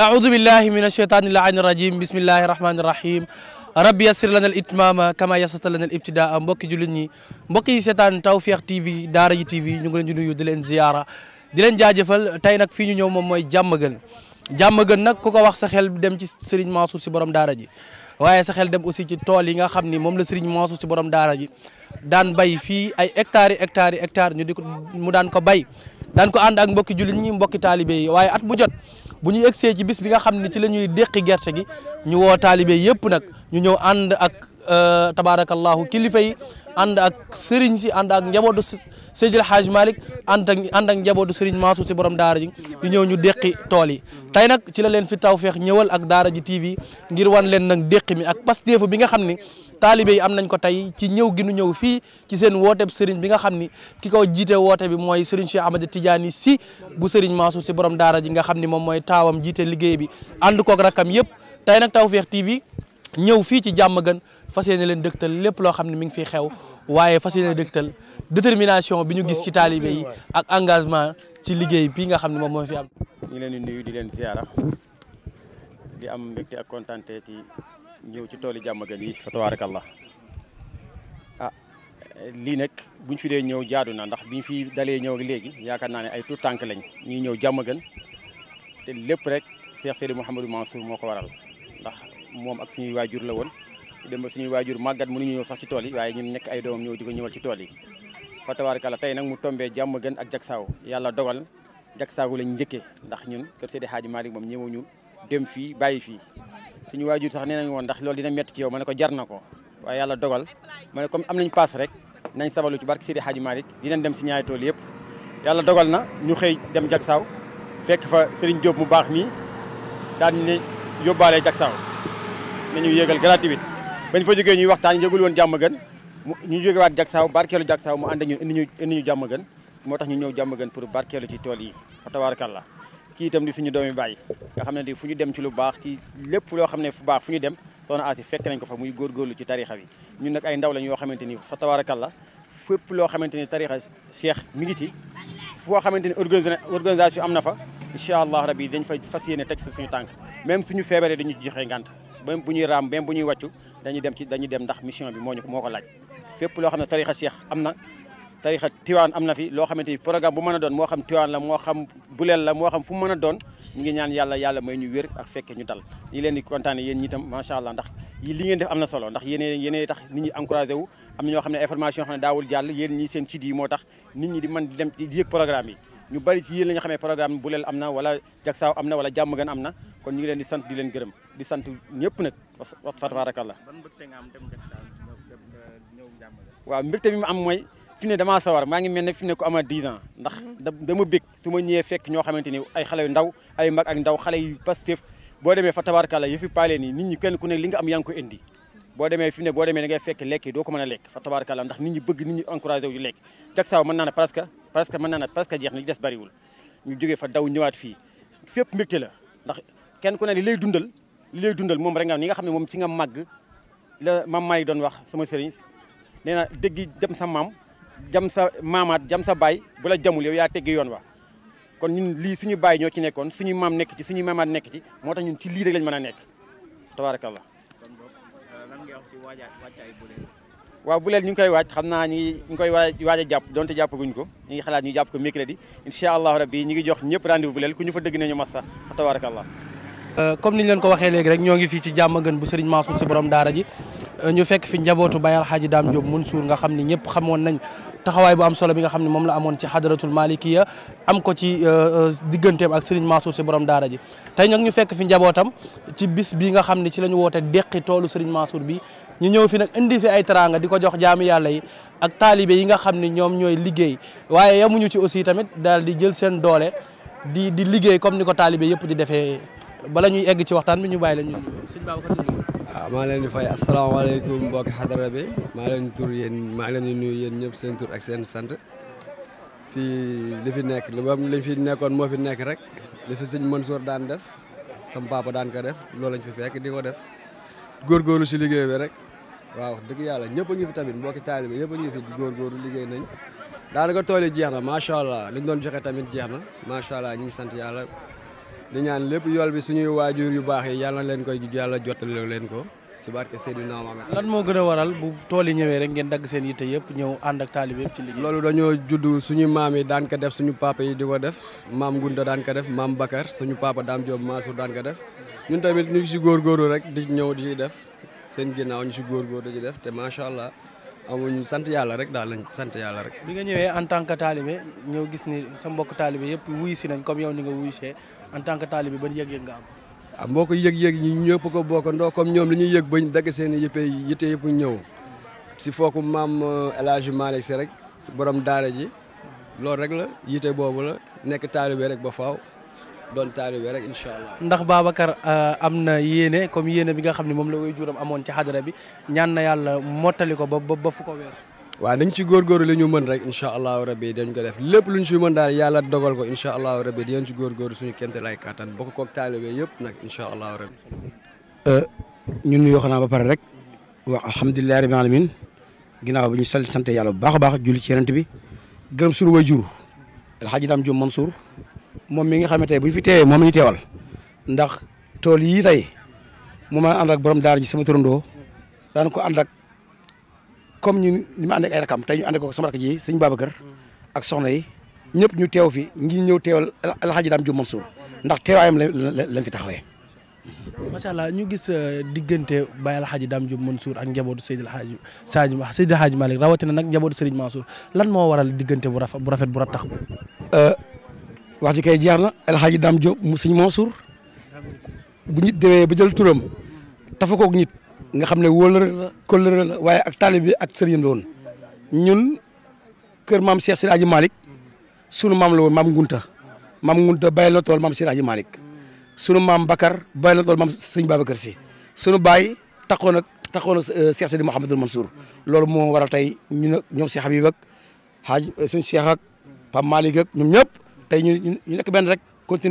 أعوذ a من الشيطان اللعين الرجيم بسم الله الرحمن الرحيم rabbi yassir lana al itmama kama yassarta lana al ibtidaa mbokki jullit ñi mbokki yi seetaan Tawfekh TV daara ji TV ñu ngi leen di nuyu di leen ziyaara di leen jaajëfal tey nag fii ñu ñëw moom mooy jàmmagën jàmmagën nag ku ko wax sa xel dem ci Serigne Mansour si borom daara ji waaye sa xel dem aussi ci tool yi nga xam ni moom la Serigne Mansour si borom daara ji daan bay fii ay hectares yi hectares yi hectares ñu di ko mu daan ko bay daan ko ànd ak mbokki jullit ñi mbokki taalibe yi waaye at bu jot bu ñu egsee ci bis bi nga xam ne ci la ñuy déqi gerte gi ñu woo taalibe yëpp nag ñu ñëw ànd ak euh, tabaarakallahu kilifa yi ànd ak sëriñ si ànd ak njabootu Seydil Hadj Malick ànd ak ànd ak njabootu sëriñ Mansour si borom daara ji yu ñëw ñu déqi tool yi tey nag ci la leen fi tawfeex ñëwal ak daara ji TV ngir wan leen nag déqi mi ak pasteefu bi nga xam ni taalibe am nañ ko tey ci ñëw gi nu ñëw fii ci seen wooteb sëriñ bi nga xam ni ki kaw jiite woote bi mooy sëriñ Cheikh Ahmed Tidiane si bu sëriñ Mansour si borom daara ji nga xam ni moom mooy taawam jiite liggéey bi ànd koog rakkam yëpp tey nag Tawfekh TV ñëw fii ci jàmm gën fas len deugtal lépp lo xamni mi ngi fi xew waye fas deugtal détermination bi ñu gis ci talibé yi ak engagement ci liggéey bi nga xamni mom mo fi am. ñi leen di nuyu di leen ziara di am mbekté ak contenté ci ñëw ci toli jamagal yi fa tabaarakallah ah li nak buñ fi dé ñëw jaadu na ndax biñ fi dalé ñëw légui yaaka naani ay tout tànk lañ ñi ñëw jamagal te lépp rek Cheikh Seydou Mouhamadou Mansour moko waral ndax mom ak suñu wajur la won dem suñu waajur waajur màggat ñu ñëw sax ci tool yi waaye ñun nekk ay doomam ñëw di ko ñëwal ci tool yi fa tabaarkalla tey nag mu tombee jàmm gën ak jagsaaw yàlla dogal jagsaaw lañ njëkkee ndax ñun kër Seydi Hadji Malick moom ñëwuñu dem fii bàyyi fii suñu waajur sax nee nañ woon ndax loolu dina métti ci yow ma ne ko jar na ko waaye yàlla dogal ma ne am nañ paas rek nañ sabalu ci barke Seydi Hadji Malick dinañ dem si ñaari yëpp yàlla dogal na ñu xëy dem jagsaaw fekk fa Serigne Diop mu baax mi daan ne yóbbaale jagsaaw nañu yéegal gratuite bañ fa jógee ñuy waxtaan yëgul woon jàmm gën ñu jóge waat jak saaw barkeelu jak saaw mu ànd ak ñun ñu ñu jàmm gën moo tax ñu ñëw jàmm gën pour barkeelu ci tool yi fa tabarakallah kii itam di suñu doomi bàyyi nga xam ne di fu ñu dem ci lu baax ci lépp loo xam ne fu baax fu ñu dem soxna Asi fekk nañ ko fa muy góorgóorlu ci tarixa bi ñun nag ay ndaw lañ yoo xamante ni fa tabarakallah fépp loo xamante ni tarixa cheikh mi ngi foo xamante ni organisation am na fa incha allah rabi dañ fa fas yéene teg suñu tànk même suñu feebaree dañu joxe ngànt même bu ñuy raam même bu ñuy wàccu dañuy dem ci dañuy dem ndax mission bi moo ñu moo ko laaj fépp loo xam ne tarixa Cheikh am na tarixa Tiwaan am na fi loo xamante ni programme bu mën a doon moo xam Tiwaan la moo xam Buleel la moo xam fu mu mën a doon ñu ngi ñaan yàlla yàlla may ñu wér ak fekke ñu dal ñi leen di kontaane yéen ñi tam macha li ngeen def na solo ndax yéen yéen tax nit ñi encouragé wu am na ñoo xam ne information xam ne daawul jàll yéen ñi seen site moo tax nit ñi di mën di dem di yëg programme yi ñu bari ci yéen la ñu xamee programme Buleel am na wala Jaksaaw am na wala Jàmm Gën am na kon ñu ngi leen di sant di leen gërëm di sant ñëpp nag wax wax fa tabarakallah waaw mbégte bi ma am mooy fi ne damaa sawar maa ngi mel ne fi ne ko ama a ans ndax mhm. dama bég su ma ñëwee fekk ñoo xamante ni ay xale yu ndaw ay mag ak ndaw xale yu Pastef boo demee fa tabarakallah yëfi paale nii nit ñi kenn ku ne li nga am yaa ko indi mhm. boo demee fi mu ne boo demee da ngay fekk lekk yi doo lekk fa tabarakallah ndax nit ñi bëgg nit ñi encouragé wu ñu lekk jak saaw mën naa ne presque presque mën naa ne presque jeex na li des bariwul ñu jógee fa daw ñëwaat fii fépp mbégte la ndax kenn ku ne li lay dundal li lay dundal moom rek nga ni nga xam mom moom ci nga màgg la mam may don wax sama sëriñ nee na dégg jam sa mam jam sa mamat jam sa baay bu la jamul yow ya teggi yoon wa kon ñun li suñu baay ñoo ci nekkoon suñu maam nekk ci suñu maamaat nekk ci moo tax ñun ci lii rek lañ mën a nekk tabaarakallah euh, waaw bu leel ñu ngi koy waaj xam naa ñu ngi ñu ngi koy waaj a jàpp donte jàppaguñ ko ñu ngi xalaat ñu jàpp ko mercredi incha allahu rabbi ñu ngi jox ñëpp rendez-vous bu leel ku ñu fa dëgg ne massa tabaarakallah Euh, comme ni leen ko waxee léegi rek ñoo ngi fii ci jàmm gën bu Serigne Mansour si borom daara ji euh, ñu fekk fi njabootu Baye Alxaaji Daam Diop Mansour nga xam ni ñëpp xamoon nañ taxawaay bu am solo bi nga xam ne moom la amoon ci hadratul malikiya am ko ci euh, digganteem ak Serigne Mansour si borom daara ji tey ñu fekk fi njabootam ci bis bi nga xam ne ci la ñu woote deqi toolu Serigne Mansour bi ñu ñëw fi nag indi fi ay teraanga di ko jox jaam yàlla yi ak taalibe yi nga xam ne ñoom ñooy liggéey waaye yamuñu ci aussi tamit daal di jël seen doole di di liggéey comme ni ko taalibe yëpp di defee bala ñuy egg ci waxtaan bi ñu baay la ñu sëñ Babacar ah, maa leen di fay asalaamaaleykum mbokki xadara bi maa leen di tur yéen maa leen di nuyu yéen ñëpp seen tur ak seen sant fii li fi nekk lu li fi nekkoon moo fi nekk rek li fi sëñ Mansour daan def sam papa daan ka def loolu lañ fi fekk di ko def góor góorgóorlu si liggéey bi rek waaw dëgg yàlla ñëpp a fi tamit mbokki taalibe ñëpp a ngi fi góorgóorlu liggéey nañ daanaka tool yi jeex na macha allah liñ doon joxe tamit jeex na macha allah ñu ngi sant yàlla di ñaan lépp yool bi suñuy waajur yu baax yi yàlla leen koy yàlla jottale leen ko si barke Seydina Mohamed lan moo gën a waral bu tool yi ñëwee rek ngeen dagg seen yitte yëpp ñëw ànd ak taalibe yëpp ci loolu dañoo juddu suñu maam yi daan ko def suñu papa yi di ko def maam Gunda daan ko def maam Bakar suñu papa Dame Diop Mansour daan ko def ñu tamit ñu ngi si góorgóorlu rek di ñëw di def seen ginnaaw ñu si góor di def te macha allah amuñu sant yàlla rek daal lañ sant yàlla rek. bi nga ñëwee en tant que taalibe ñoo gis ni sa mbokk taalibe yëpp wuyu si nañ comme yow ni nga wuyu see en tant que taalibe ban yëg-yëg nga am. ah mboo ko yëg-yëg ñi ñëpp ko bokkandoo comme ñoom li ñuy yëg bañ dagg seen yëpp yite yëpp ñëw si fooku maam euh, El Hadj Malick si rek borom daara ji loolu rek la yite boobu la nekk taalibe rek ba faaw. doon taalibe rek incha allah. ndax Babacar euh, am na yéene comme yéene bi nga xam ne moom la way juram amoon ci xadara bi ñaan na yàlla mottali ko ba ba fu ko weesu. waaw dañ ci góorgóorlu li ñu mën rek incha allahu rabbi dañ ko def lépp lu ñu si mën daal yàlla dogal ko incha allahu rabbi di ci góorgóorlu suñu kente lay kattan bokk koog taalibe yëpp nag incha allahu rabbi. Euh, ñun nuyoo xanaa ba pare rek. waaw alhamdulilah rabbil alamin ginnaaw bi ñu sant yàlla bu baax baax julli ci yonent bi gërëm suñu way jur El Hadj Dame Diop Mansour moom mi nga xam ne tey bu ñu fi teewee moom la ñu teewal ndax tool yii tey mu ma ànd borom daara ji sama turandoo daan ko ànd ak comme ñu ñu ma tey ñu ànd ko sama ji sëñ Babacar ak soxna yi ñëpp ñu teew fi ngi ñëw teewal alxaaji daam ju Mansour ndax teewaayam lañ fi taxawee. macha allah ñu gis euh, diggante Baye Alhaji Dame Diop suur ak njabootu Seydil Hadji Sadji Seydil Hadji Malick rawatina nag njabootu Serigne Mansour lan moo waral diggante bu rafet bu rafet bu ratax. Euh, wax ji kay jeex na El Hadj Dame mu sëñ Mansour bu nit demee ba jël turam tafa koog nga xam ne wóolër la waaye ak taalib bi ak sëriñam la woon ñun kër maam Cheikh Seydi Hadji Malick sunu maam la woon maam Ngunta maam Ngunta bay la tool maam Seydi Hadji Malick sunu maam Bakar bay la tool maam sëñ Babacar sunu baay taxoon ak taxoon ak euh, Cheikh Seydi Mouhamadul Mansour loolu moo waral tey ñu ne ñoom Cheikh Habib ak Hadj euh, sëñ Cheikh ñoom ñëpp. tey ñu ñu nekk benn rek continuer